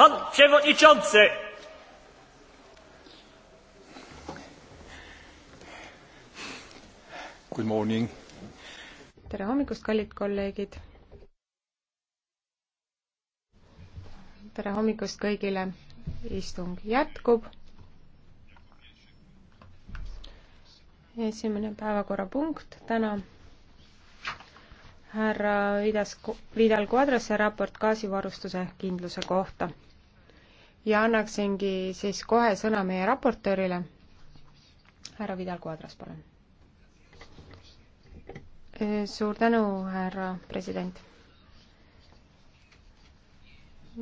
Pan przewodniczący! Good morning. tere hommikust, kallid kolleegid. tere hommikust kõigile. istung jätkub. esimene päevakorrapunkt täna härra Vidas, Vidal Quadrase raport gaasivarustuse kindluse kohta. ja annaksingi siis kohe sõna meie raportöörile. härra Vidal Quadras, palun. suur tänu, härra president